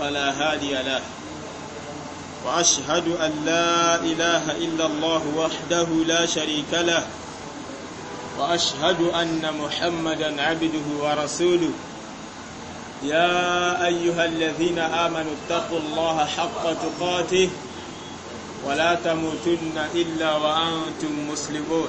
فلا هادي له واشهد ان لا اله الا الله وحده لا شريك له واشهد ان محمدا عبده ورسوله يا ايها الذين امنوا اتقوا الله حق تقاته ولا تموتن الا وانتم مسلمون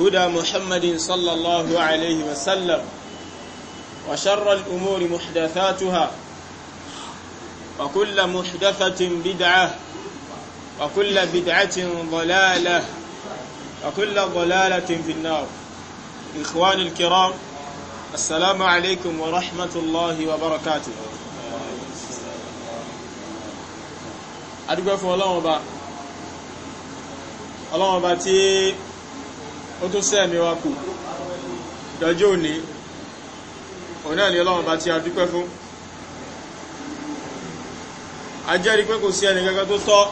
هدى محمد صلى الله عليه وسلم وشر الأمور محدثاتها وكل محدثة بدعة وكل بدعة ضلالة وكل ضلالة في النار إخوان الكرام السلام عليكم ورحمة الله وبركاته أدقى فو الله وبا الله وبا تي ó tó sẹ́ mi wá kù ìdájọ́ òní òun náà ni ọlọ́run bá ti a dúpẹ́ fún a jẹ́rìí pé kò sí ẹni gẹ́gẹ́ tó tọ́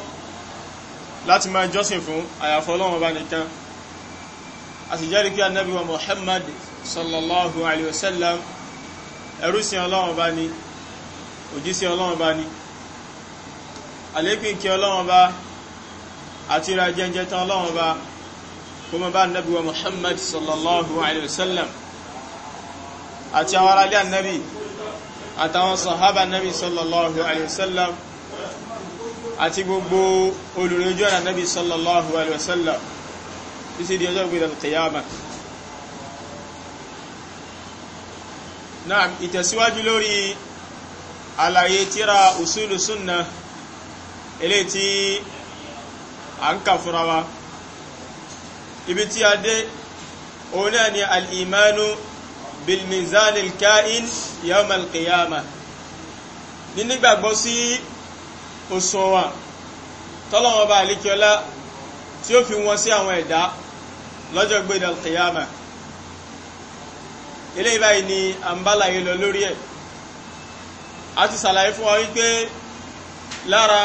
láti máa jọ́sìn fún àyàfọ́ ọlọ́run bá nìkan a sì jẹ́rìí pé anábì wa Muhammad sallallahu alayhi wa sallam ẹrú sí ọlọ́run bá ní òjíṣẹ́ ọlọ́run bá ní àlékún kí ọlọ́run bá àti ra jẹ́jẹ́ tán ọlọ́run bá kó mọ́ bá nabi wa muhammad sallallahu alaihi wasallam àti àwọn aráalé annabi àtàwọn sahaba nabi sallallahu alaihi wasallam àti gbogbo olùrẹ́jọ́ annabi sallallahu alaihi wasallam títí di ọjọ́ gbẹ̀rẹ̀ kìyàmà náà ìtẹ̀síwájú lórí àlàyé tíra usulu sunna eléyìí tí a ń ibi tí a dé òun náà ni al'imánu bilmizanil ka'in yawmal qiyama ní nígbàgbọ́ sí òṣùwọ̀n tọ́lọ́wọ́ bá alikiola tí ó fi wọn sí àwọn ẹ̀dá lọ́jọ́ gbéda alqiyama ilé ìbáyìí ni a ń bá láyé lọ lórí ẹ̀ a ti sàlàyé fún wa wípé lára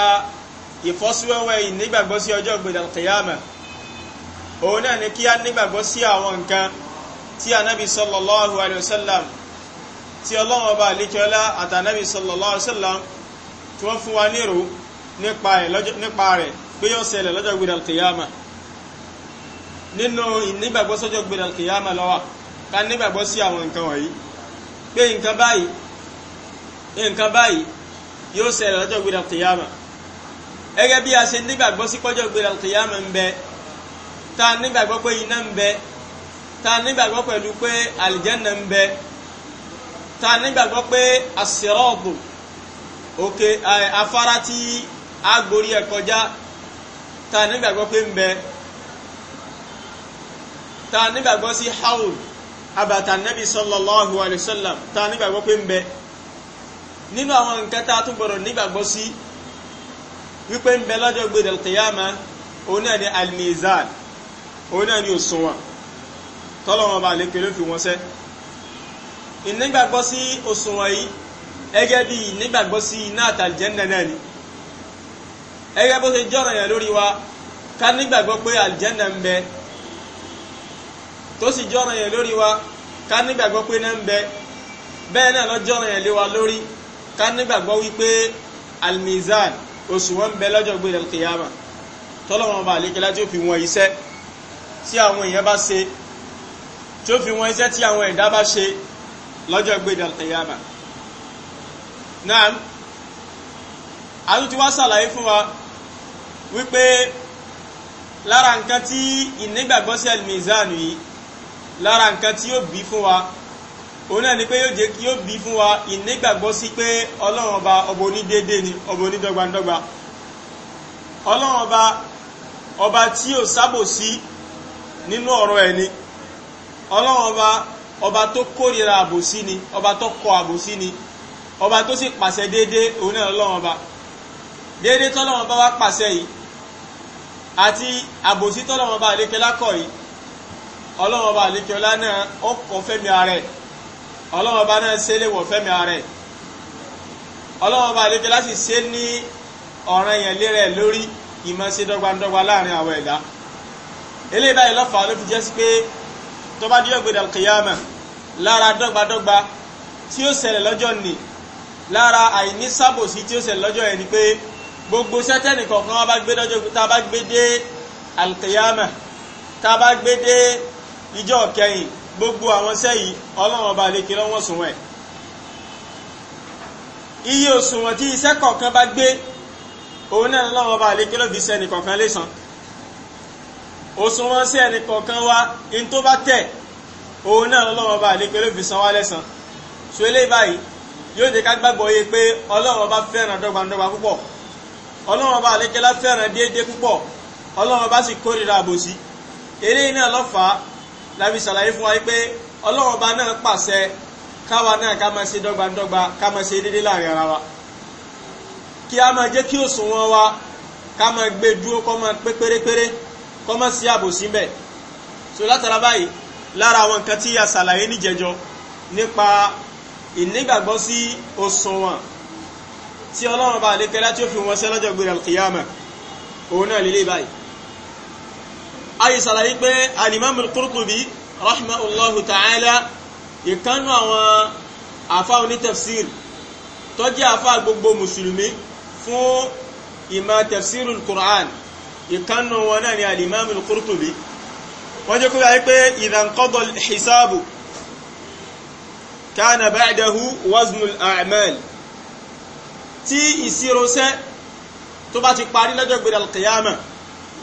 ìfọ́síwẹ́wẹ́ ìnígbàgbọ́ sí ọjọ́ gbéda alqiyama òun náà ni kí a nígbàgbọ́ sí àwọn nǹkan tí anábì sallallahu alayhi wa sallam tí ọlọ́run ọba àlékiọlá àtànábì sallallahu alayhi wa sallam tí wọ́n fún wa nírò nípa rẹ̀ pé yóò ṣẹlẹ̀ lọ́jọ́ gbèrè alkiyama nínú ìnígbàgbọ́ sọ́jọ́ gbèrè alkiyama lọ́wọ́ ká nígbàgbọ́ sí àwọn nǹkan wọ̀nyí pé nǹkan báyìí nǹkan báyìí yóò ṣẹlẹ̀ lọ́jọ́ gbèrè alkiyama bí a ṣe nígbàgbọ́ sí pọ́jọ́ gbèrè alkiyama ń bẹ ta nígbàgbọ́ pé iná ń bẹ ta nígbàgbọ́ pẹ̀lú pé àlìjẹ́nà ń bẹ ta nígbàgbọ́ pé àsìrọ́ọ̀bù òkè afárá tí a gborí ẹ̀ kọjá ta nígbàgbọ́ pé ń bẹ ta nígbàgbọ́ sí haul abàtà nẹ́bí sallallahu alaihi wasallam ta nígbàgbọ́ pé ń bẹ nínú àwọn nǹkan tá a tún gbọdọ̀ nígbàgbọ́ sí wípé ń bẹ lọ́jọ́ gbèdè al-qiyama òun náà òun náà ni òṣùwọ̀n tọ́lọ́wọ́n bá lè pèlú fi wọ́n sẹ́ ìnígbàgbọ́ sí òṣùwọ̀n yìí ẹgẹ́ bí ìnígbàgbọ́ sí iná àtàlìjẹ́nà náà ni ẹgẹ́ bó ṣe jọ́rọ̀ yẹn lórí wa ká nígbàgbọ́ pé àlìjẹ́nà ń bẹ tó sì jọ́rọ̀ yẹn lórí wa ká nígbàgbọ́ pé náà ń bẹ bẹ́ẹ̀ náà lọ jọ́rọ̀ yẹn lé wa lórí ká nígbàgbọ́ wípé almizan òṣùwọ̀n ń bẹ lọ́jọ́ gbé tí àwọn èèyàn bá ṣe tí ó fi wọn iṣẹ́ tí àwọn ẹ̀dá bá ṣe lọ́jọ́ gbéde àtẹ̀yàmà náà a wá ṣàlàyé fún wa wípé lára nǹkan tí ìnígbàgbọ́ sí al-mizan yìí lára nǹkan tí yóò bí fún wa òun náà ni pé yóò jẹ́ kí yóò bí fún wa ìnígbàgbọ́ sí pé ọlọ́run ọba ọba onídéédé ni ọba onídọ́gbandọ́gba ọlọ́run ọba ọba tí yóò sábò sí. Si, nínú ọ̀rọ̀ ẹ̀ ni ọlọ́run ọba ọba tó kórìíra àbòsí ni ọba tó kọ àbòsí ni ọba tó sì pàṣẹ déédé òun náà ọlọ́run ọba déédé tọ́lọ́run ọba wá pàṣẹ yìí àti àbòsí tọ́lọ́run ọba àlékelá kọ̀ yìí ọlọ́run ọba àlékelá náà ó kọ fẹ́mi ara ẹ̀ ọlọ́run ọba náà ṣe léwọ̀ fẹ́mi ara ẹ̀ ọlọ́run ọba àlékelá sì ṣe ní ọ̀ràn yẹn lérẹ̀ lórí ìmọ̀ ṣe dọ́gbandọ́gba láàrin àwọn ẹ̀dá eléyìí báyìí lọ́fà ló fi jẹ́ sí pé tó bá díẹ̀ gbèdà kìyàmà lára dọ́gbadọ́gba tí ó ṣẹlẹ̀ lọ́jọ́ ni lára àìní sábòsí tí ó ṣẹlẹ̀ lọ́jọ́ yẹn ni pé gbogbo sẹ́tẹ́nì kọ̀ọ̀kan wa bá gbé dọ́jọ́ tá a bá gbé dé alkìyàmà tá a bá gbé dé ìjọ kẹyìn gbogbo àwọn sẹ́yìn ọlọ́run ọba lè kéré wọ́n sùn wẹ̀ iye òṣùwọ̀n tí iṣẹ́ kọ̀ọ̀kan bá gbé òun náà lọ́wọ́ ọba lè kéré fi òṣùwọ̀n sí ẹnì kọ̀ọ̀kan wa in tó bá tẹ̀ òun náà lọ́wọ́ bá àlékè ló fi san wá lẹ́san so eléyìí báyìí yóò jẹ́ ká gbàgbọ́ yé pé Ọlọ́run bá fẹ́ràn dọ́gbandọ́gba púpọ̀ Ọlọ́run bá àlékè lá fẹ́ràn déédéé púpọ̀ Ọlọ́run bá sì kórìíra àbòsí eléyìí náà lọ́fà láfi ṣàlàyé fún wa pé Ọlọ́run bá náà pàṣẹ káwa náà ká máa ṣe dọ́gbandọ́gba ká máa ṣe déédéé láàrin ara wa kí a máa jẹ́ kí òṣùwọ̀n wa ká máa gbé dúró kó máa pé pérépéré kọ́mọ́ sí àbòsí ń bẹ̀ so látara báyìí lára àwọn nǹkan tí a ṣàlàyé níjẹjọ nípa ìnígbàgbọ́ sí òṣùwọ̀n tí ọlọ́run bá lékẹ́ láti ó fi wọn sẹ́ lọ́jọ́ gbéra kìyàmà òun náà lélẹ́ báyìí ayé ṣàlàyé pé alimami Qurtubi rahimahullahu ta'ala ìkánú àwọn àfa onítẹ̀fsir tó jẹ́ gbogbo mùsùlùmí fún ìmọ̀ tẹ̀fsirul Qur'an ìkánnù wọn náà ni al-Imam al-Qurtubi wọ́n jẹ́ kó yá pé idha inqada al-hisabu kana ba'dahu waznu al-a'mal tí ìṣirọ́sẹ́ tó bá ti parí lọ́jọ́ gbèrè al-qiyama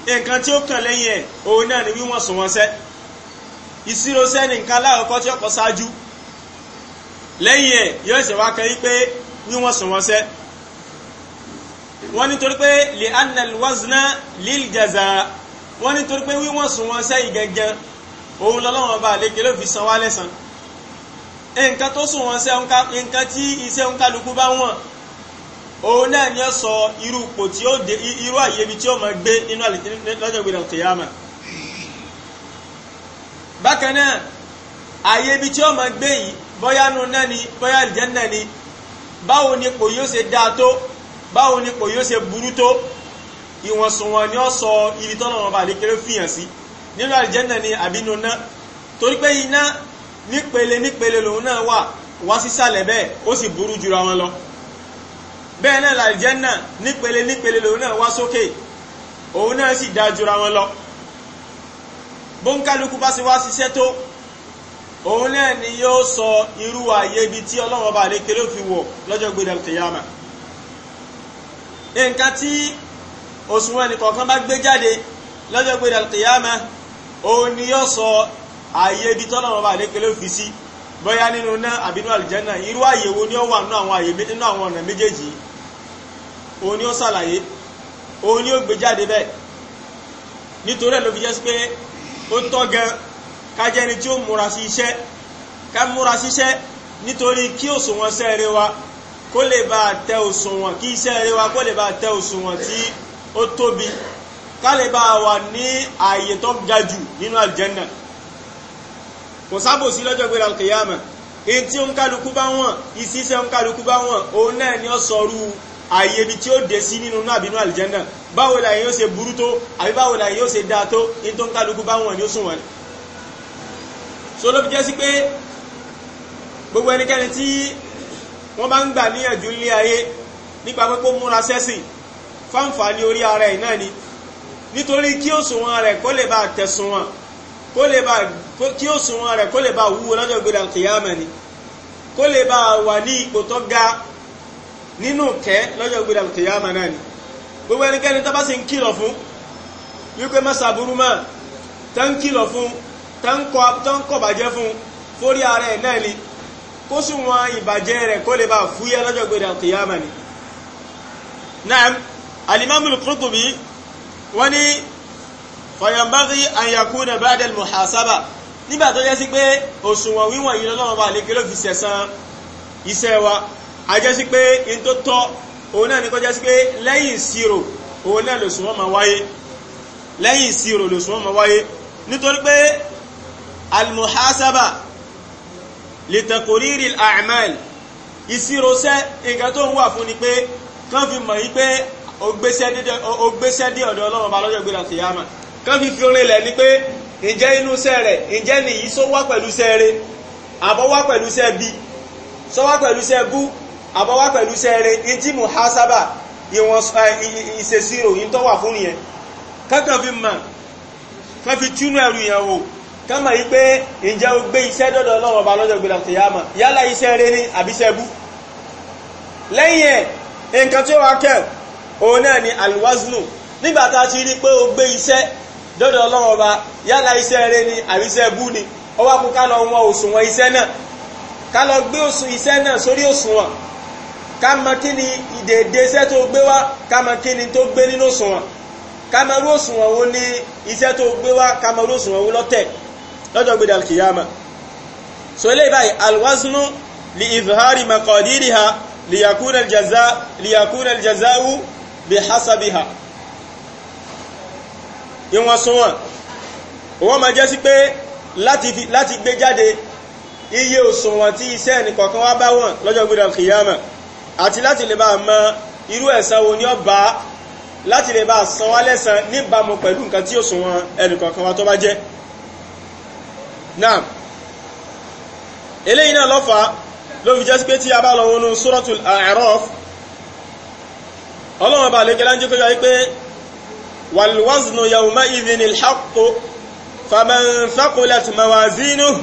nǹkan tí ó kàn lẹ́yìn ẹ̀ òun náà ni wíwọ̀n wọ́n nítorí pé lè annalwazna liljaza wọ́n nítorí pé wíwọ̀n sùn wọn sẹ́yìn gẹ́gẹ́ òun lọ́lọ́wọ́n bá lè gẹ́lẹ́ fi san wá lẹ́san nǹkan tó sùn wọn sẹ́yìn nǹkan tí iṣẹ́ ń kálukú bá wọ̀n òun náà ni ó sọ irú ipò tí ó dé irú àyèbí tí ó máa gbé nínú lọ́jọ́ ìgbéra báwo ni kò yóò ṣe burú tó ìwọ̀nsùnwọ̀n ni ó sọ ibi tọ́nà wọn bá lè kéré fìyàn sí nínú àlìjẹ́nà ni àbínú náà torí pé iná nípele nípele lòun náà wà wá sísàlẹ̀ bẹ́ẹ̀ ó sì burú jura wọn lọ bẹ́ẹ̀ náà làlìjẹ́nà nípele nípele lòun náà wá sókè òun náà sì dá jura wọn lọ bóńkálukú bá sì wá ṣiṣẹ́ tó òun náà ni yóò sọ irú àyè ibi tí ọlọ́wọ́ bá lè kéré fi wọ̀ lọ́jọ́ gbé dàlùkìyàmà nǹkan tí òṣùwọ̀n ẹnìkọ̀ọ̀kan bá gbé jáde lọ́jọ́ pé dàlùkìyàmá òun ni yóò sọ ààyè ibi tọ́lọ̀ wọn bá lékelé fi sí bóyá nínú náà àbí nínú àlùjánnà irú ààyè wo ni ó wà nínú àwọn ààyè nínú àwọn ọ̀nà méjèèjì òun ni ó ṣàlàyé òun ni ó gbé jáde bẹ́ẹ̀ nítorí ẹ̀ ló fi jẹ́ sí pé ó tọ́ gan ká jẹ́ni tí ó múra sí iṣẹ́ ká múra sí iṣẹ́ nítorí kí òṣùwọ̀n sẹ́ẹ̀rẹ̀ wa kó lè bá tẹ òṣùwọ̀n kí iṣẹ́ rere wa kó lè bá tẹ òṣùwọ̀n tí ó tóbi ká lè bá wà ní ààyè tó ga jù nínú àlùjànnà kò sábòsí lọ́jọ́ gbéra kìyàmà èyí tí ó ń kálukú bá wọn ìṣiṣẹ́ ń kálukú bá wọn òun náà ni ó sọrú ààyè ibi tí ó dé sí nínú náà bínú àlùjànnà báwo la yóò ṣe burú tó àbí báwo la yóò ṣe dáa tó èyí tó ń kálukú bá wọn ni ó sùn wọn. so ló fi jẹ́ sí pé gbogbo ẹnikẹ́ni tí wọ́n bá ń gbà níyànjú nílé ayé nípa pé kó múra sẹ́sìn fáǹfààní orí ara ẹ̀ náà ni nítorí kí òṣùwọ̀n rẹ̀ kó lè bá tẹ̀sùn wọn kó lè bá kí òṣùwọ̀n rẹ̀ kó lè bá wúwo lọ́jọ́ gbéra kìyàmà ni kó lè bá wà ní ipò tó ga nínú kẹ́ lọ́jọ́ gbéra kìyàmà náà ni gbogbo ẹnikẹ́ni tó bá sì ń kìlọ̀ fún wípé mẹ́sà burú mọ́ tó ń kìlọ̀ fún tó ń kọ̀ bàjẹ́ fún fórí ara ẹ̀ náà ni kó sì wọn ìbàjẹ́ rẹ̀ kó lè bá fúyẹ́ lọ́jọ́ gbèrè àkìyàmà ni naam alimamul Qurtubi wọ́n ní fọyọ̀nbárí àyàkú na ba'dal muhasaba nígbà tó yẹ sí pé òṣùwọ̀n wíwọ̀n yìí lọ́nà ọba àlékeló fi sẹ̀san iṣẹ́ wa a jẹ́ sí pé in tó tọ́ òun náà ní kọjá sí pé lẹ́yìn ìṣirò òun náà lòṣùwọ̀n máa wáyé lẹ́yìn ìṣirò lòṣùwọ̀n máa wáyé nítorí pé almuhasaba lìtẹ̀kòrírì àmàl ìṣirọ́sẹ́ nǹkan tó ń wà fún ni pé kán fi mọ̀ yí pé ó gbéṣẹ́ de ọ̀dọ̀ ọlọ́run ọba lọ́jọ́ gbéra fìyàmà kán fi fi orin lẹ̀ ni pé ǹjẹ́ inú iṣẹ́ rẹ̀ ǹjẹ́ nìyí só wá pẹ̀lú iṣẹ́ rẹ̀ àbọ̀ wá pẹ̀lú iṣẹ́ bí só wá pẹ̀lú iṣẹ́ bú àbọ̀ wá pẹ̀lú iṣẹ́ rẹ̀ ìjì muhasaba ìwọ̀n ìṣèṣirò yìí tó wà fún nìyẹn kán kàn fi mọ̀ kán fi túnú ẹrù yẹn wò kama yìí pé ǹjẹ́ o gbé iṣẹ́ dọ́dọ̀ ọlọ́run ọba lọ́jọ́ gbé dàtẹ̀ yá yálà iṣẹ́ rẹ ní àbí lẹ́yìn ẹ̀ nǹkan tí ó wá kẹ́ òun náà ni alwazlu nígbà tá a ti rí pé o gbé iṣẹ́ dọ́dọ̀ ọba yálà iṣẹ́ rẹ ní ni ó wá kó ká lọ wọn iṣẹ́ ni ìdèdè iṣẹ́ tó gbé wá ká mọ kí lọ́jọ́ gbẹ̀dẹ̀ alkiyama so ilé báyìí alwaznu li izhari maqadiriha liyakuna aljaza liyakuna aljazau bihasabiha ìwọ̀n sunwọ̀n wọ́n máa jẹ́ sí pé láti gbé jáde iye òṣùwọ̀n tí iṣẹ́ ẹnìkọ̀ọ̀kan wá bá wọn lọ́jọ́ gbẹ̀dẹ̀ alkiyama àti láti lè bá mọ irú ẹ̀san wo ni ó bá láti lè bá san wá pẹ̀lú nǹkan tí òṣùwọ̀n ẹnìkọ̀ọ̀kan wá tó bá jẹ́ náà eléyìí náà lọ́fà ló fi jẹ́ pé tí a bá lọ wọnú suratul A'raf ọlọ́wọ́n bá lè gẹ́láńjẹ́ kó yọ wípé wal waznu yawma idhinil haqqu faman thaqulat mawazinuhu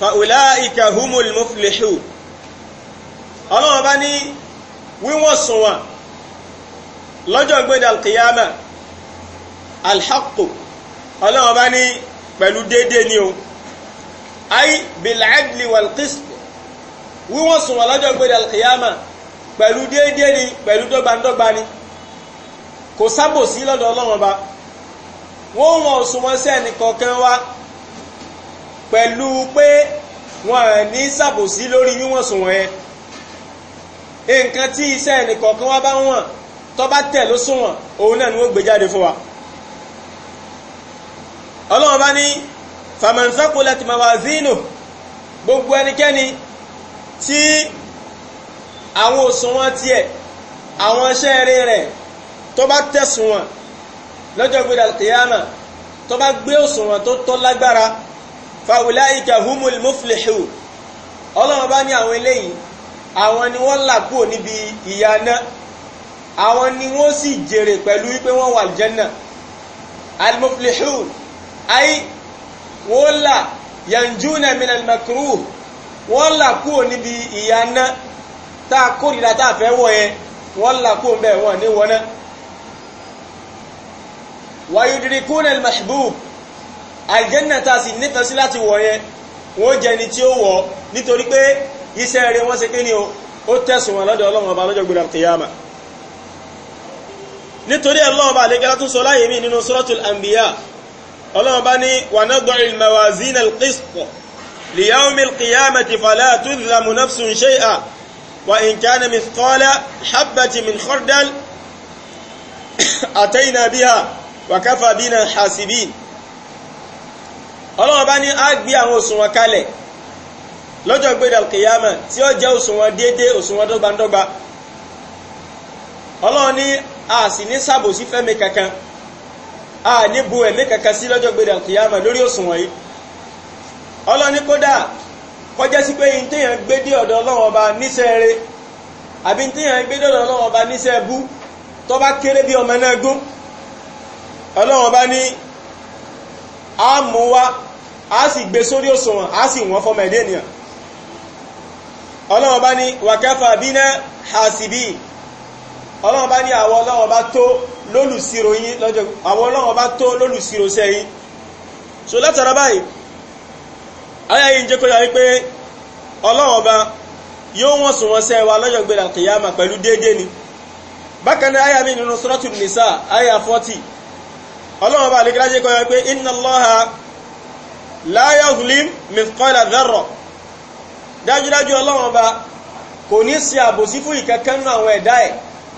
fa ulaika humul muflihun ọlọ́wọ́n ay bil'adli wal qist wíwọ́n sùn wọ́n lọ́jọ́ gbé alkiyama pẹ̀lú déédé ni pẹ̀lú dọ́gbandọ́gba ni kò sábòsí lọ́dọ̀ ọlọ́run ọba wọ́n wọ́n sùn wọ́n sí ẹnì kọ̀ọ̀kan wá pẹ̀lú pé wọ́n ní sábòsí lórí wíwọ́n sùn wọ́n yẹn nǹkan tí iṣẹ́ ẹnì kọ̀ọ̀kan wá bá wọ̀n tó bá tẹ̀ ló sùn wọ́n òun náà ni wọ́n gbé jáde fún wa ọlọ́run ọba ní faman thaqulat mawazinuhu gbogbo ẹnikẹ́ni tí àwọn òṣùwọ̀n tiẹ̀ àwọn iṣẹ́ rere rẹ̀ tó bá tẹ̀sùnwọ̀n lọ́jọ́ gbé dàlùkìyàmà tó bá gbé òṣùwọ̀n tó tó lágbára fa ulaika humul muflihun ọlọ́run bá ní àwọn eléyìí àwọn ni wọ́n là kúrò níbi ìyà àwọn ni wọ́n sì jèrè pẹ̀lú wípé wọ́n wà aljanna al muflihun ay wọ́n là yanjúnà minal makruh wọ́n là kúrò níbi ìyáná tá a kórìíra tá a fẹ́ wọ̀ yẹn wọ́n là kúrò bẹ́ẹ̀ wọ́n ní wọ́n náà wa yudrikuna al-mahbub aljanna ta sì nífẹ̀ẹ́ sí láti wọ̀ yẹn wọ́n jẹ́ ni tí ó wọ̀ nítorí pé iṣẹ́ rẹ̀ wọ́n ṣe pé ní o ó tẹ̀sùn wọn lọ́dọ̀ ọlọ́run ọba lọ́jọ́ gbọ́dọ̀ kìyàmà nítorí ọlọ́run ọba àlẹ́gẹ́lá tún sọ ọlọ́run bá ní wa nad'u al-mawazin al-qist li yawm al-qiyamati fala tudhlamu nafsun shay'a wa in kana mithqala habbatin min khardal atayna biha wa kafa bina hasibin ọlọ́run bá ní a gbé àwọn òṣùwọ̀n kalẹ̀ lọ́jọ́ gbé al tí ó jẹ́ òṣùwọ̀n déédé òṣùwọ̀n dọ́gbandọ́gba ọlọ́run ní a sì ní ṣàbòsí fẹ́mi kankan a ní bu ẹ̀mí kakasị sí lọ́jọ́ gbèrè àkìyàmà lórí òsùn wọ̀nyí ọlọ́ni kódà kọjá sí pé gbé dé ọ̀dọ̀ ọlọ́run ọba níṣẹ́ àbí téèyàn gbé dé ọ̀dọ̀ ọlọ́run ọba níṣẹ́ bú tó bá kéré bí ọmọ náà gún ọba ní a mú wá a sì gbé a sì wọ́n fọmọ ẹ̀dẹ́ ènìyàn ọba ní ọlọ́run bá ní àwọn ọlọ́run bá tó lólùsírò yín lọ́jọ́ àwọn ọlọ́run bá tó lólùsírò sẹ́yìn so látara báyìí ayáyí ń jẹ́ kó yà wípé ọlọ́run ọba yóò wọ́n sùn wọ́n sẹ́ wa lọ́jọ́ gbẹ̀rẹ̀ àkìyàmà pẹ̀lú déédéé ni bákan náà ayá mi nínú suratu nìsà ayá 40 ọlọ́run ọba àlekíra jẹ́ kó yà wípé inna Allaha la yuzlim mithqala dharra dájúdájú ọlọ́run ọba kò ní sí àbòsí fún ìkankan náà àwọn ẹ̀dá ẹ̀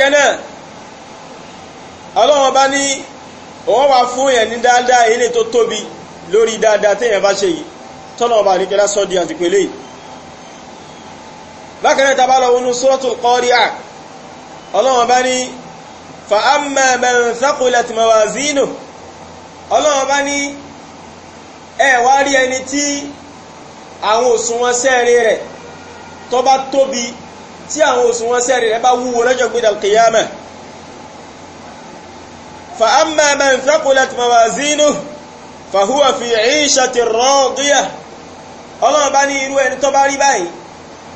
bákan náà ọlọ́run bá ní òun wà fún yẹn ní dáadáa ilé tó tóbi lórí dáadáa bá ṣe ọba di àtìpélé yìí bákan náà tàbá lọ wọnú suratul ọlọ́run ní fa amma man thaqulat mawazinuhu ọlọ́run bá ní ẹ wá rí ẹni tí àwọn sẹ́ẹ̀rẹ̀ tí àwọn òṣùwọ̀n sẹ́rì rẹ̀ bá wúwo lọ́jọ́ gbéra kìyàmà fa amma man thaqulat mawazinuhu fa huwa fi 'ishatin radiyah ọlọ́run bá ní irú ẹni tó bá rí báyìí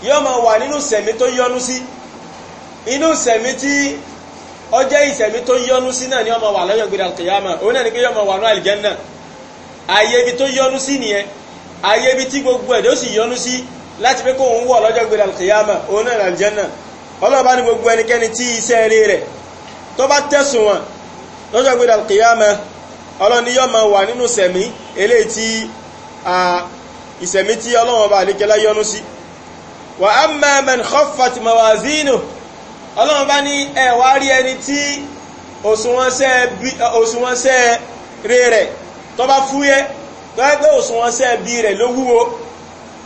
yóò máa wà nínú sẹ̀mí tó yọ́nú sí inú sẹ̀mí tí ó ìsẹ̀mí tó yọ́nú sí náà ni ó wà lọ́jọ́ gbéra kìyàmà òun náà ni pé yóò máa wà ní àlìjánnà àyè ibi tó yọ́nú sí nìyẹn àyè tí gbogbo ẹ̀dọ́ sì yọ́nú sí láti pé kó ń wọ̀ lọ́jọ́ gbèrè alkiyama òun náà aljanna ọlọ́ọ̀bá ní gbogbo ẹnikẹ́ni tí iṣẹ́ rí rẹ̀ tó bá tẹ̀sùn wọn lọ́jọ́ gbèrè alkiyama ọlọ́ni yọ́ ma wà nínú sẹ̀mí eléyìí tí ìsẹ̀mí tí ọlọ́wọ́n bá àlékẹ́lá yọ́nú sí wa amma man khaffat mawazinu ọlọ́wọ́n bá ní ẹ̀wà rí ẹni tí òṣùwọ̀nsẹ́ rí rẹ̀ tó bá fúyẹ́ tó ẹgbẹ́ òṣùwọ̀nsẹ́ bí rẹ̀ ló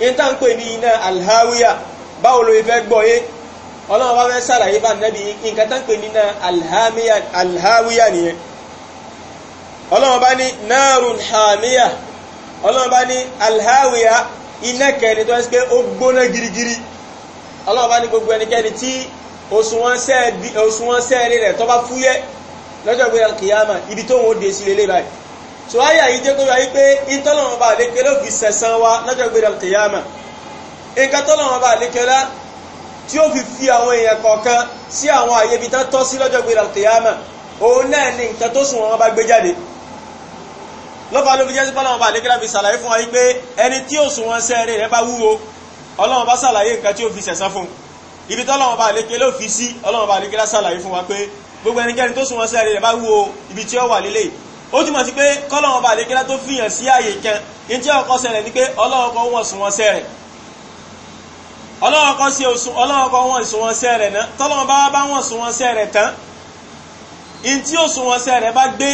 ìta ń pè ní iná alhawiya báwo ló fẹ́ gbọ́ yé ọlọ́run bá fẹ́ sàlàyé bá nẹ́bí nǹkan tá ń pè ní iná alhawiya nìyẹn ọlọ́run bá ní narun hamiya ọlọ́run bá ní alhawiya iná kẹni tó ń pẹ́ ó gbóná girigiri ọlọ́run bá ní gbogbo ẹnikẹ́ni tí òṣùwọ̀n sẹ́ẹ̀rí rẹ̀ tó bá fúyẹ́ lọ́jọ́ ìgbéyàwó kìyàmà ibi tó ń wò dé sí lélẹ́ báyìí so àyà yìí jẹ́ kó wáyé pé ìtọ́lọ́wọ́n bá àlékè ló fi sẹ̀sán wa lọ́jọ́ gbé dàlùkìyàmà nǹkan tọ́lọ́wọ́n bá àlékè lá tí ó fi fi àwọn èèyàn kọ̀ọ̀kan sí àwọn àyè ibi tán tọ́ sí lọ́jọ́ gbé dàlùkìyàmà òun náà ni nǹkan tó sùn wọn bá gbé jáde lọ́fà ló fi jẹ́ sípọ́ lọ́wọ́n bá àlékè lá fi sàlàyé fún wa yìí pé ẹni tí ò sùn wọn sẹ́ẹ̀rẹ̀ rẹ bá wúwo ọlọ́wọ́n bá sàlàyé nǹkan tí ó fi sẹ̀sán fún ibi tọ́lọ́wọ́n bá àlékè ló fi sí ọlọ́wọ́n bá àlékè lá sàlàyé fún wa pé gbogbo ẹnikẹ́ni tó sùn wọn sẹ́ẹ̀rẹ̀ rẹ bá wúwo ibi tí ó wà lélẹ́yìí ó túmọ̀ sí pé kọ́lọ́wọ́n bá lè kílá tó fìyàn sí ààyè kan ní tí ọkọ̀ ṣẹlẹ̀ ni pé ọlọ́wọ́n kan wọ̀n sùn wọn sẹ́ rẹ̀ ọlọ́wọ́n kan sí òsùn ọlọ́wọ́n kan wọ̀n sùn wọn sẹ́ rẹ̀ náà tọ́lọ́wọ́n bá bá wọ̀n sùn wọn sẹ́ rẹ̀ tán ní tí òsùn wọn sẹ́ rẹ̀ bá gbé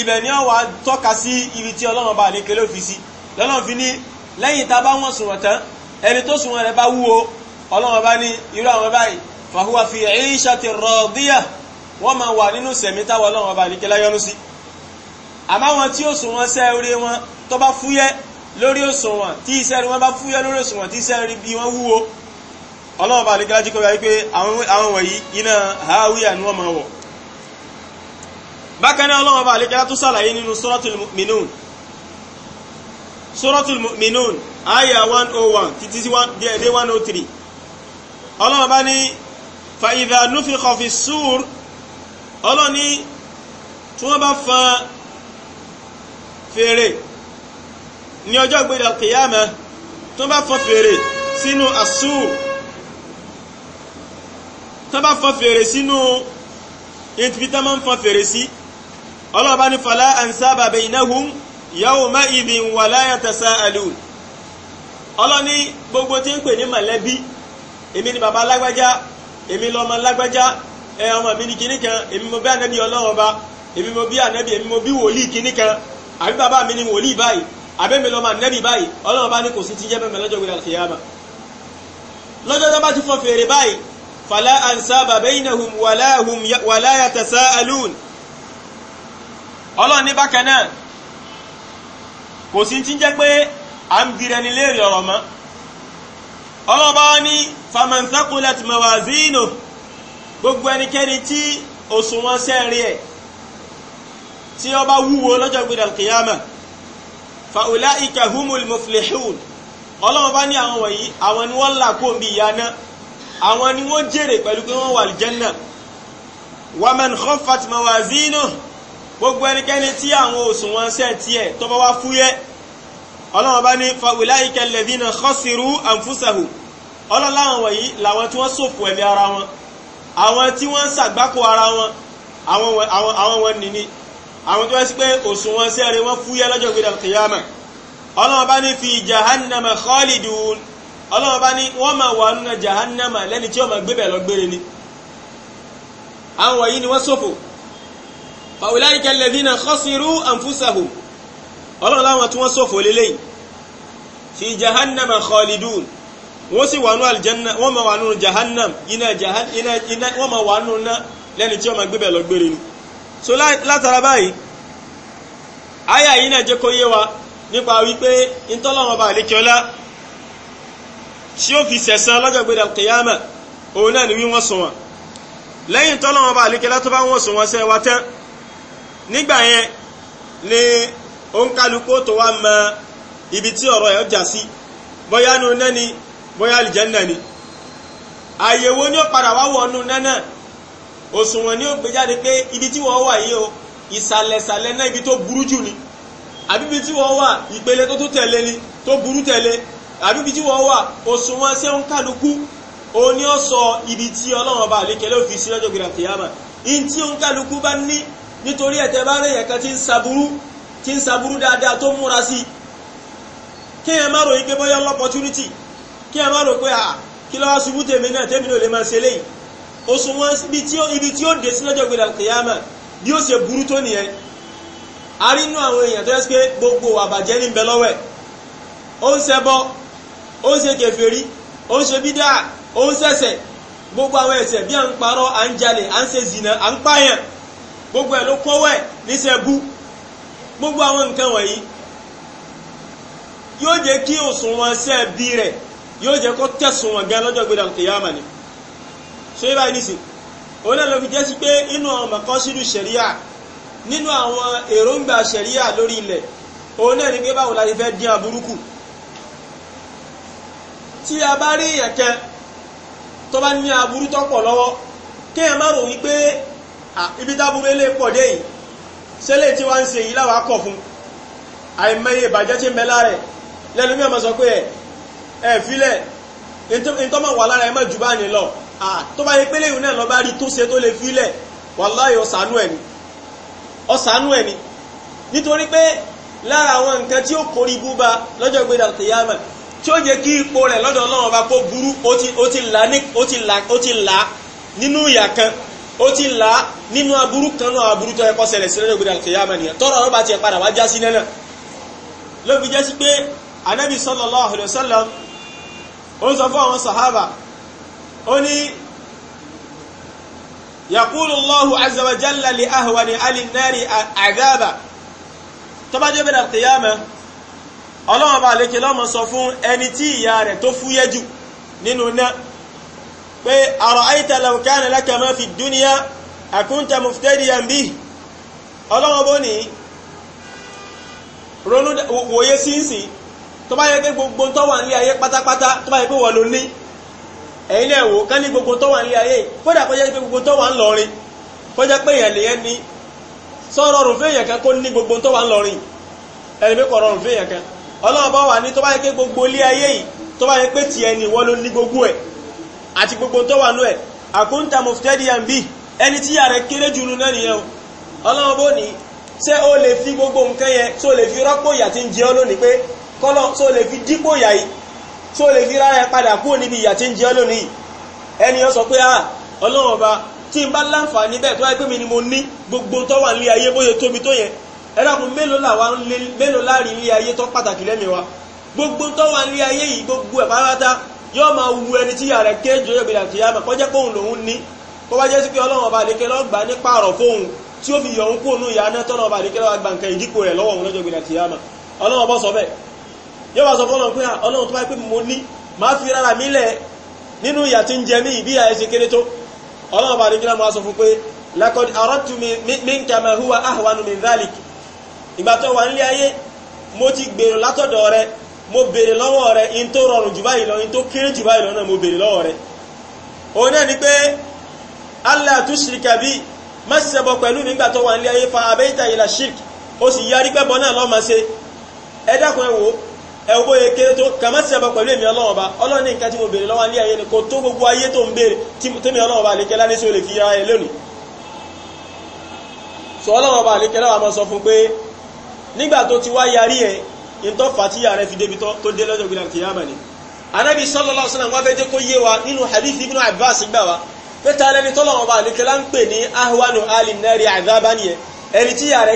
ibẹ̀ ni ó wá tọ́ka sí ibi tí ọlọ́wọ́n bá lè kílá òfin sí lọ́lọ́wọ́n fi ní lẹ́yìn tá a bá wọ̀n sùn wọn tán ẹni tó sùn wọn rẹ̀ bá wúwo ọlọ́wọ́n bá ní irú àwọn báyìí fahuwa fi 'ishati radiyah wọ́n máa wà nínú sẹ̀mí táwọn ọlọ́wọ́n bá lè kílá yọ́nú sí àmọ́ àwọn tí òṣùwọ̀n iṣẹ́ orí wọn tó bá fúyẹ́ lórí òṣùwọ̀n tí iṣẹ́ rí wọn bá fúyẹ́ lórí òṣùwọ̀n tí iṣẹ́ rí bí wọ́n wúwo ọlọ́run bá nìkan lájú kọ́ wáyé pé àwọn wọ̀nyí iná hawiya ni wọ́n máa wọ̀ bákan náà ọlọ́run bá nìkan tó sàlàyé nínú suratul mu'minun suratul mu'minun aya 101 títí sí dé 103 ọlọ́run bá ní fa idha nufikha fi s ní tí wọ́n bá fan fèrè ní ọjọ́ gbẹ̀dẹ̀ kìyàmẹ́ tó bá fọn fèrè sínú àṣù tó bá fọn fèrè sínú ìtìbítàmọ́ fọn fèrè sí ọlọ́ọ̀bá ní fala ansaba bainahum yawma idhin wala yatasaalun ọlọ́ni gbogbo tí ń pè ní mọ̀lẹ́bí èmi ni bàbá lágbájá èmi lọ́mọ lágbájá ẹ ọmọ mi ni kìnnìkan èmi mo bí ànábì ọlọ́run ọba èmi mo bí ànábì èmi mo bí wòlíì kìnnìkan àbí bàbá mi ni wòlíì báyìí àbẹ́mi lọ́mọ ànẹ́bì báyìí ọlọ́run bá ní kò sí ti jẹ́ bẹ́ẹ̀ lọ́jọ́ gbé àlùkìyàmà lọ́jọ́ tó bá ti fọ́ fèrè báyìí fàlà ansaba bainahum wala yatasaalun ọlọ́run ní bákan náà kò sí ti jẹ́ pé à ń bìrẹ ní léèrè mọ́ ọlọ́run bá ní faman gbogbo ẹnikẹ́ni tí òṣùwọ̀n sẹ́rin ẹ̀ tí ó bá wúwo lọ́jọ́ gbé alkiyama fa ulaika humul muflihun ọlọ́run bá ní àwọn wọ̀nyí àwọn ni wọ́n là kó ń bi ìyáná àwọn ni wọ́n jèrè pẹ̀lú pé wọ́n wà aljanna wa man khaffat mawazinuhu gbogbo ẹnikẹ́ni tí àwọn òṣùwọ̀n ṣẹ́ tiẹ̀ tó bá wá fúyẹ́ ọlọ́run bá ní fa ulaika alladhina khasiru anfusahum ọlọ́láwọn wọ̀nyí làwọn tí wọ́n ṣòfò àwọn tó wá sí pé òsùn wọn sí ẹrẹ wọn fúyẹ́ lọ́jọ́ gbéra kìyàmà ọlọ́run bá ní fi jahannama khalidun ọlọ́run bá ní wọ́n máa wà nínú jahannama lẹ́ni tí wọ́n máa gbébẹ̀ lọ gbére ni àwọn wọ̀nyí ni wọ́n ṣòfò fa ulaika alladhina khasiru anfusahum ọlọ́run láwọn tí wọ́n ṣòfò lélẹ́yìn fi jahannama khalidun wọ́n sì wà nínú jahannam iná jahannam wọ́n máa wà nínú so látara báyìí àyà yìí náà jẹ́ kó yé wa nípa wípé ntọ́lọ́wọ́n bá àlékiọ́lá tí ó fi sẹ̀san lọ́jọ́ gbé dàkìyàmà òun náà ni wí wọ́n sùn wọn lẹ́yìn tọ́lọ́wọ́n bá àlékiọ́lá tó bá wọ́n sùn wọn sẹ́ wa tán nígbà yẹn ni òǹkálukó tó wá mọ ibi tí ọ̀rọ̀ ẹ̀ jà sí bóyá nu náà ni bóyá àlìjẹ́ náà ni àyẹ̀wò ni ó padà wá wọnú náà náà òṣùwọ̀n ni ó gbé jáde pé ibi tí wọ́n wà yìí o ìsàlẹ̀sàlẹ̀ náà ibi tó burú jù ni àbíbi tí wọ́n wà ìpele tó tó tẹ̀lé ni tó burú tẹ̀lé àbíbi tí wọ́n wà òṣùwọ̀n sí ń kálukú o ní ó sọ ibi tí ọlọ́run ọba àlékẹ́ ló fi sí lọ́jọ́ gbìyànjú kìyàmà in tí ń kálukú bá ní nítorí ẹ̀tẹ́ bá rẹ̀yẹ̀ kan tí ń saburú tí ń saburú dáadáa tó múra sí kí ẹ má ròyìn pé bọ́yọ́ lọ́pọ̀túnítì kí ẹ má rò pé à kí lọ́wọ́ ṣubú tèmi náà tèmi náà lè máa ṣe léyìí òṣùwọ̀n ibi tí ó dé sí lọ́jọ́ ìgbéra kìyàmà bí ó se burú tó nìyẹn a rí inú àwọn èèyàn tó yẹ pé gbogbo àbàjẹ́ ní bẹ lọ́wọ́ ẹ̀ ó ń ṣẹbọ ó ń ṣe kèfèrí ó ń ṣe bídà ó ń ṣẹ̀ṣẹ̀ gbogbo àwọn ẹ̀ṣẹ̀ bí à ń parọ́ à ń jalè à ń ṣe zìnà à ń pààyàn gbogbo ẹ̀ ló kọ́wọ́ ẹ̀ níṣẹ́ bú gbogbo àwọn nǹkan wọ̀nyí yóò jẹ́ kí òṣùwọ̀n ṣẹ́ẹ̀bí rẹ̀ yóò jẹ́ kó tẹ̀sùn wọn gan lọ́jọ́ ìgbéra ṣé báyìí nìsín òun náà ló fi jẹ́ sí pé inú àwọn mọ̀kọ́sídù ṣẹ̀ríà nínú àwọn èròǹgbà ṣẹ̀ríà lórí ilẹ̀ òun náà ní pé báwo la ti fẹ́ dín aburúkù tí a bá rí èèyàn kan tó bá ní aburú tó pọ̀ lọ́wọ́ kéèyàn má rò wípé ibi táburú ilé pọ̀ dé yìí ṣẹlẹ̀ tí wọ́n ń ṣe yìí láwọn akọ̀ fún àìmọye ìbàjẹ́ tí ń bẹ lára ẹ̀ lẹ́nu mi ọmọ sọ pé ẹ̀ ẹ̀ fílẹ̀ ìtọ́mọ̀ wà lára ẹ̀ mọ́ jù bá lọ tó bá yẹ pé léyìn náà lọ́ba rí tó ṣe tó lè filẹ̀ wàláyé ọ̀sánú ẹ̀ ni ọ̀sánú ẹ̀ ni nítorí pé lára àwọn nǹkan tí ó kórí búba lọ́jọ́ gbé dàtẹ̀ yámà tí ó jẹ́ kí ipò rẹ̀ lọ́dọ̀ Ọlọ́run bá kó burú ó ti là nínú ìyà kan ó ti là nínú aburú kan náà aburú tó yẹ kó ṣẹlẹ̀ sí lọ́jọ́ gbé dàtẹ̀ yámà nìyẹn tọ́rọ ọ̀rọ̀ bá tiẹ̀ padà wá já sí náà ló fi jẹ́ sí pé Ànábì sallallahu alaihi wasallam ó ń sọ fún àwọn sàhábà ó ní yaqulu Allahu azza wa jalla li ahwani ali nari azaba tó bá jẹ́ bẹ̀rẹ̀ qiyama ọlọ́wọ́n bá lékè lọ́mọ sọ fún ẹni tí ìyà rẹ̀ tó fúyẹ́ jù nínú náà pé ara'ayta law kana laka ma fi dunya akunta muftadiyan bihi ọlọ́wọ́n bó ní ronú wòye sínsìn tó yẹ pé gbogbo tó wà ayé pátápátá tó yẹ pé wọ́n ló ní ẹ̀yin náà wò ká ní gbogbo tó wà ní ayé kódà kọjá pé gbogbo tó wà ń lọrin kọjá pé èèyàn lèyẹn ní sọ̀rọ̀ rùn fèèyàn kan kó ní gbogbo tó wà ń lọrin ẹni pé kọ̀rọ̀ rùn fèèyàn kan ọlọ́run bá wà ní tó bá yẹ pé gbogbo ilé ayé yìí tó bá yẹ o ọlọ́run bó ní ṣé o lè fi gbogbo nǹkan yẹn tó lè fi rọ́pò ìyà tí ń jẹ ọ́ pé kọ́lọ́ tó lè fi dípò ìyà yìí tó lè fi rárá padà kúrò níbi ìyà tí ń jẹ lónìí ẹni ó sọ pé ah ọlọ́run ọba tí n bá láǹfààní bẹ́ẹ̀ tó wáyé pé mi ni mo ní gbogbo tó wà nílé ayé bóyá tóbi tó yẹn ẹ̀dàkùn mélòó làwa mélòó láàrin ilé ayé tó wa gbogbo tó wà nílé ayé yìí gbogbo ẹ̀ pátá yóò máa wu ẹni tí yàrá kéjọ yóò gbèdà kìí àmà kọjá kóhun lòun ní kó bá jẹ́ sí pé ọlọ́run ọba àdékẹ́ lọ́ọ́ gbà ní tí ó fi yọ̀ ìyá náà tọ́lọ́ ọba àdékẹ́ yóò wá sọ fọ́lọ́n pé ah, ọlọ́run tó bá pé mo ní máa fi rárá mi lẹ̀ nínú ìyà tí ń jẹ mí ìbí àyẹ̀sẹ̀ kéré tó ọlọ́run bá dìgbìlá máa sọ fún pé lakod arọ́tù huwa ahwanu min dhalik ìgbà tó wà nílé ayé mo ti gbèrò látọ̀dọ̀ rẹ mo bèrè lọ́wọ́ rẹ in tó rọrùn jù báyìí lọ in tó kéré jù báyìí lọ náà mo bèrè lọ́wọ́ rẹ òun náà ni pé allah má pẹ̀lú nígbà tó fa abẹ́yìtà ìlà shirk ó sì yarí pẹ́bọ náà lọ́ọ́ máa ṣe ẹ dákun ẹ̀wọ́ yẹ kéré tó kàmẹ́sì ẹ̀bọ̀ pẹ̀lú èmi ọlọ́run ọba ọlọ́run ní nǹkan tí mo béèrè lọ́wọ́ ní ayé ni kò tó gbogbo ayé tó ń béèrè tèmi ọlọ́run ọba àlékẹ́lá ní sí olè fi yára ẹ lónìí sọ ọlọ́run ọba àlékẹ́lá wa máa sọ fún pé nígbà tó ti wá yarí ẹ ìtọ́ fàtíyà rẹ fi débi tó dé lọ́jọ́ gbìyànjú kìyàmà ni anabi sallallahu alaihi wasallam wá fẹ́ jẹ́ kó nari adhaban yẹ ẹni tí yàrá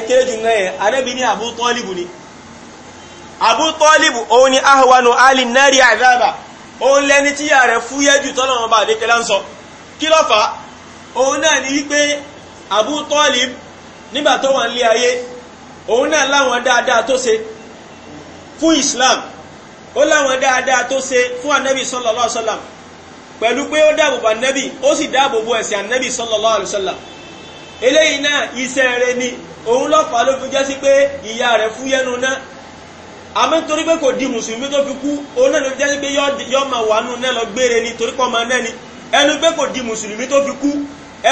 abu tọ́líbù ni Abu Talib òun ni ahwanu alin nari azaba òun lẹni tí yà rẹ̀ fúyẹ́ jù tọ́lọ̀wọ́n bá àdékẹ́lá ń sọ kí ló fà òun náà ni wípé Abu Talib nígbà tó wà nílé ayé òun náà láwọn dáadáa tó ṣe fún Islam ó láwọn dáadáa tó ṣe fún anabi sallallahu alaihi wasallam pẹ̀lú pé ó dáàbòbò anabi ó sì dáàbòbò ẹ̀sìn anabi sallallahu alaihi eléyìí náà iṣẹ́ rẹ̀ ni òun ló ló fi jẹ́ sí pé ìyà rẹ̀ fúyẹ́nu náà àmọ́ nítorí pé kò di mùsùlùmí tó fi kú òun náà ló fi jẹ́ pé yọ́ máa wà nù náà lọ gbére ni torí kọ́ máa náà ni ẹnu pé kò di mùsùlùmí tó fi kú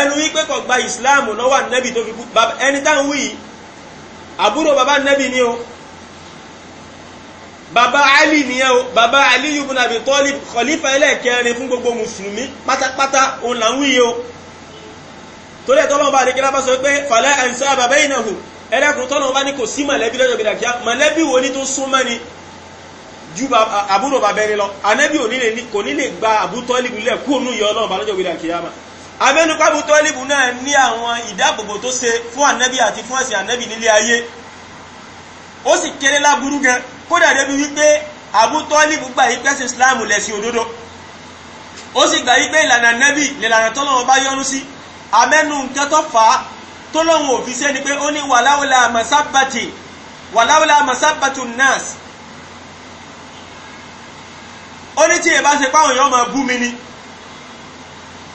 ẹnu wípé kò gba ìsìláàmù lọ́wọ́ ànábì tó fi kú ẹni táwọn wí yìí àbúrò baba ànábì ni o bàbá ali nìyẹn o bàbá ali ibn abi talib khalifa ẹlẹ́ẹ̀kẹrin fún gbogbo mùsùlùmí pátápátá òun là ń wí yìí o torí ẹ̀ tọ́lọ́mọba àdékẹ́lá bá sọ pé fala ansaba bainahum ẹlẹ́kùn tọ́nà bá ní kò sí mọ̀lẹ́bí lọ́jọ́ gbẹ̀dàkíá mọ̀lẹ́bí wo ni tó súnmọ́ ni ju àbúrò bàbá ẹni lọ ànábì kò ní lè gba àbútọ́líbù lẹ̀ kú ònú ìyọ́ ọlọ́run bá lọ́jọ́ gbẹ̀dàkíá mà abẹ́nukọ́ àbútọ́líbù náà ní àwọn ìdáàbòbò tó ṣe fún ànábì àti fún ẹ̀sìn ànábì nílé ayé ó sì kéré láburú gan kódà débi wípé àbútọ́líbù gbà yí pẹ́sìn islámù lẹ̀sìn òdodo ó sì gbà yí pé ìlànà ànábì lè lànà tọ́lọ́run bá yọ́nú sí abẹ́nu nǹkan tó fà á tó lọ́wọ́ òfin sẹ́ni pé ó ní wàláwìlà masábàtì wàláwìlà nas ó ní tí èyí bá ṣe páwọn èèyàn máa bú mi ni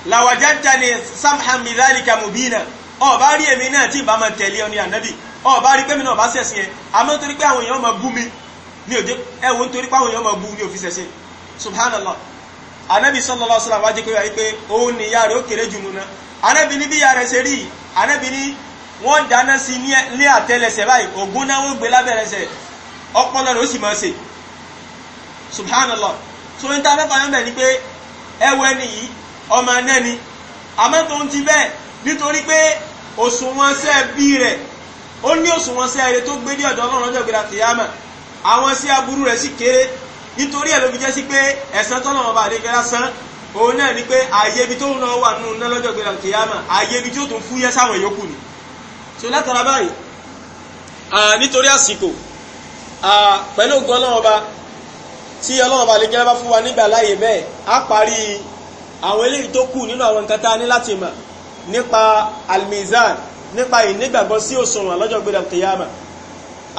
làwàjájà ni samham midhalika mubina ọba rí èmi náà tí ìbá máa tẹ̀lé ọ ní ànábì ọba rí pẹ́mi náà bá sẹ̀sìn ẹ àmọ́ torí pé àwọn èèyàn máa bú mi ní òde ẹ̀wọ̀n torí pé àwọn èèyàn bú ní òfin sẹ̀sìn subhanallah anabi sallallahu alaihi wasallam wá jẹ́ kó yà pé òun ni ìyá rẹ̀ ó kéré jù múná anabi ní bí ìyá rẹ̀ ṣe rí anabi ní wọ́n dáná sí ní àtẹ́lẹsẹ̀ báyìí ògún náà wọ́n gbé lábẹ́rẹsẹ̀ ọpọlọ rẹ̀ ó sì máa ṣe subhanallah so n ta fẹ́ fàyọ́ bẹ̀ ni pé ẹwọ ẹni yìí ọmọ náà ni àmọ́ tó ń ti bẹ́ẹ̀ nítorí pé òṣùwọ̀n sẹ́ bí rẹ̀ ó ní òṣùwọ̀n sẹ́ rẹ̀ tó gbé ní ọ̀dọ̀ ọlọ́run ọjọ́ ìgbéra kìyàmà àwọn sí aburú rẹ̀ sì kéré nítorí ẹ̀ ló fi jẹ́ sí pé ẹ̀san tọ́lọ́wọ́n bá lè kẹ́lá san òun náà ni pé ààyè ibi tó ń lọ wà nínú náà lọ́jọ́ gbéra kìyàmà ààyè ibi tí ó tún fúyẹ́ sáwọn yòókù ni so látara báyìí nítorí àsìkò pẹ̀lú ògùn ọlọ́wọ́n bá tí ọlọ́wọ́n bá lè kẹ́lá bá fún wa nígbà láàyè bẹ́ẹ̀ á parí àwọn eléyìí tó kù nínú àwọn nǹkan tá a ní láti mọ̀ nípa almizan nípa ìnígbàgbọ́ sí òṣùwọ̀n lọ́jọ́ gbéra kìyàmà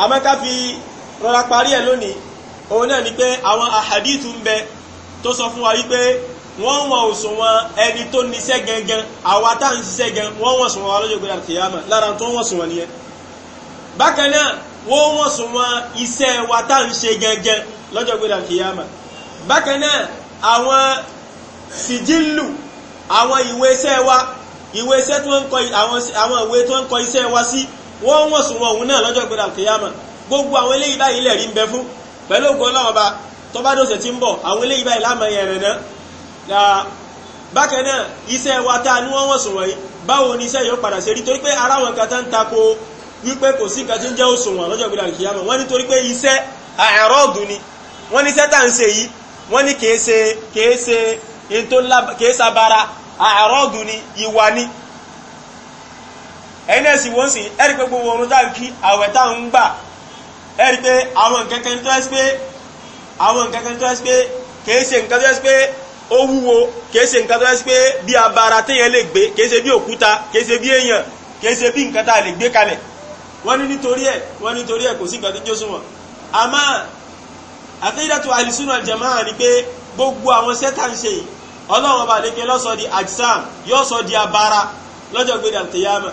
àmọ́ ká fi rọra parí ẹ̀ lónìí òun náà ni pé àwọn àhàdìtù ń bẹ tó sọ fún wa wípé wọ́n wọn òṣùwọ̀n ẹni tó níṣẹ́ gangan àwa tá à ń ṣiṣẹ́ gan wọ́n wọn sùnwọ̀n ọlọ́jọ́ gbé àkìyàmà lára tó wọ́n sùnwọ̀n nìyẹn bákan náà wọ́n wọn sùnwọ̀n iṣẹ́ wa tá à ń ṣe gangan lọ́jọ́ gbé àkìyàmà bákan náà àwọn sìjìlù àwọn ìwé iṣẹ́ wa ìwé iṣẹ́ tí ń kọ àwọn ìwé tí ń kọ iṣẹ́ wa sí wọ́n wọn sùnwọ̀n òun náà lọ́jọ́ gbé gbogbo àwọn eléyìí báyìí lẹ̀ ń bẹ fún pẹ̀lú ògùn ọlọ́run ọba tó bá dọ̀sẹ̀ tí ń bọ̀ àwọn eléyìí báyìí láàmú na náà ise náà iṣẹ́ wa tá a ní wọ́n wọ̀n sùn wọ̀nyí báwo ni iṣẹ́ yóò padà ṣe rí pé ara wọn kan ń tako wípé kò sí ń jẹ́ lọ́jọ́ torí ni wọ́n ní iṣẹ́ tá ń ṣe yìí wọ́n ní kìí ṣe kìí ṣe sabara ni ìwà ni ẹ̀yin wọ́n sì ẹ̀rí pé gbogbo orun ẹ rí pé àwọn nǹkan kan tó ẹ́sì pé àwọn nǹkan kan tó ẹ́sì pé kìí ṣe nǹkan tó ẹ́sì pé ó wúwo kìí ṣe nǹkan tó ẹ́sì pé bí abara téèyàn lè gbé kìí ṣe bí òkúta kìí ṣe bí èèyàn kìí ṣe bí nǹkan tá a lè gbé kalẹ̀ wọ́n ní nítorí ẹ̀ wọ́n ní nítorí ẹ̀ kò sí nǹkan tó jósùn wọn. àmọ́ àtẹ́yìndàtò àlìsúnà jẹ̀máà ni pé gbogbo àwọn sẹ́tàn ṣe yìí ọlọ́run ọba àdékẹ́ lọ́sọ̀ọ́ di àjísàm yóò sọ di abara lọ́jọ́ gbé dàtẹ́yàmà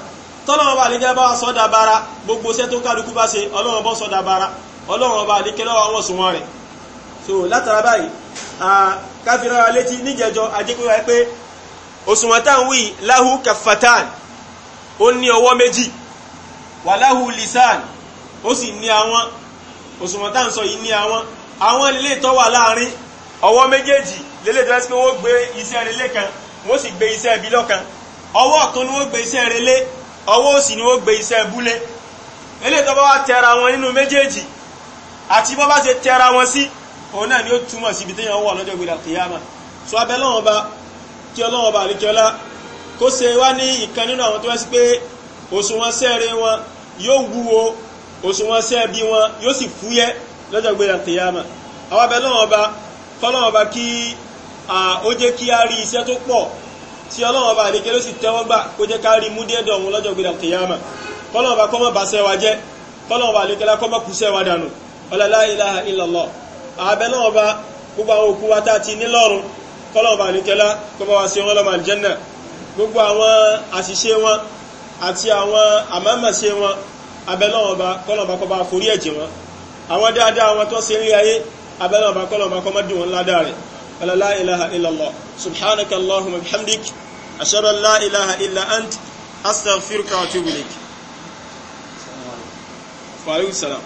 tọ́lọ́wọ́n bá àlékẹ́ bá sọ dàbára gbogbo iṣẹ́ tó kálukú bá ṣe ọlọ́wọ́n bọ́ sọ dàbára ọlọ́wọ́n bá àlékẹ́ lọ́wọ́ wọn sùn wọn rẹ̀ so látara báyìí káfíńrán wa létí níjẹjọ ajẹ́pẹ́wà pé òṣùwọ̀n tá à ń wí láhù kẹfàtàn ó ní ọwọ́ méjì wà láhù lisan ó sì ní àwọn òṣùwọ̀n tá à ń sọ yìí ní àwọn àwọn ilé tó wà láàrin ọwọ́ méjèèjì lélẹ̀ pé wọ́n gbé iṣẹ́ relé kan ọwọ́ òsì ni ó gbé iṣẹ́ búlé ilé tó wá tẹra wọn nínú méjèèjì àti bọ́ bá ṣe tẹra wọn sí òun náà ni ó túmọ̀ síbi téèyàn wà lọ́jọ́ gbéra kìyàmà so abẹ́ lọ́wọ́n ba kí ọlọ́wọ́n ba àríkíọ́lá kó ṣe wá ní ìkan nínú àwọn tó wá sí pé òṣùwọ̀n sẹ́ẹ̀rẹ̀ wọn yóò wúwo òṣùwọ̀n sẹ́ẹ̀bí wọn yóò sì fúyẹ́ lọ́jọ́ gbéra kìyàmà àwọn abẹ́ lọ́wọ́n ba ó jẹ́ kí á rí iṣẹ́ tó pọ̀ tí ọlọ́run ọba àdékẹ́ ló sì tẹ́wọ́ gbà kó jẹ́ ká rí mú déédọ̀ òun lọ́jọ́ gbéra kìyàmà kọ́lọ́run ọba kọ́mọ́ bàṣẹ́ wa jẹ́ kọ́lọ́run ọba àdékẹ́ lákọ́mọ́ kùsẹ́ wa dànù ọlọ́lá ilaha illallah àbẹ́ náà ọba gbogbo àwọn òkú wa tá a wa ṣe wọn lọ́mọ àlìjẹ́nà gbogbo àwọn àṣìṣe wọn àti àwọn àmọ́mọ̀ṣe wọn àbẹ́ náà ọba kọ́lọ́run ọba kọ́ba forí ẹ̀jẹ̀ wọn àwọn dáadáa wọn tó ṣe على لا إله إلا الله سبحانك اللهم بحمدك أشهد أن لا إله إلا أنت أستغفرك وأتوب إليك وعليكم السلام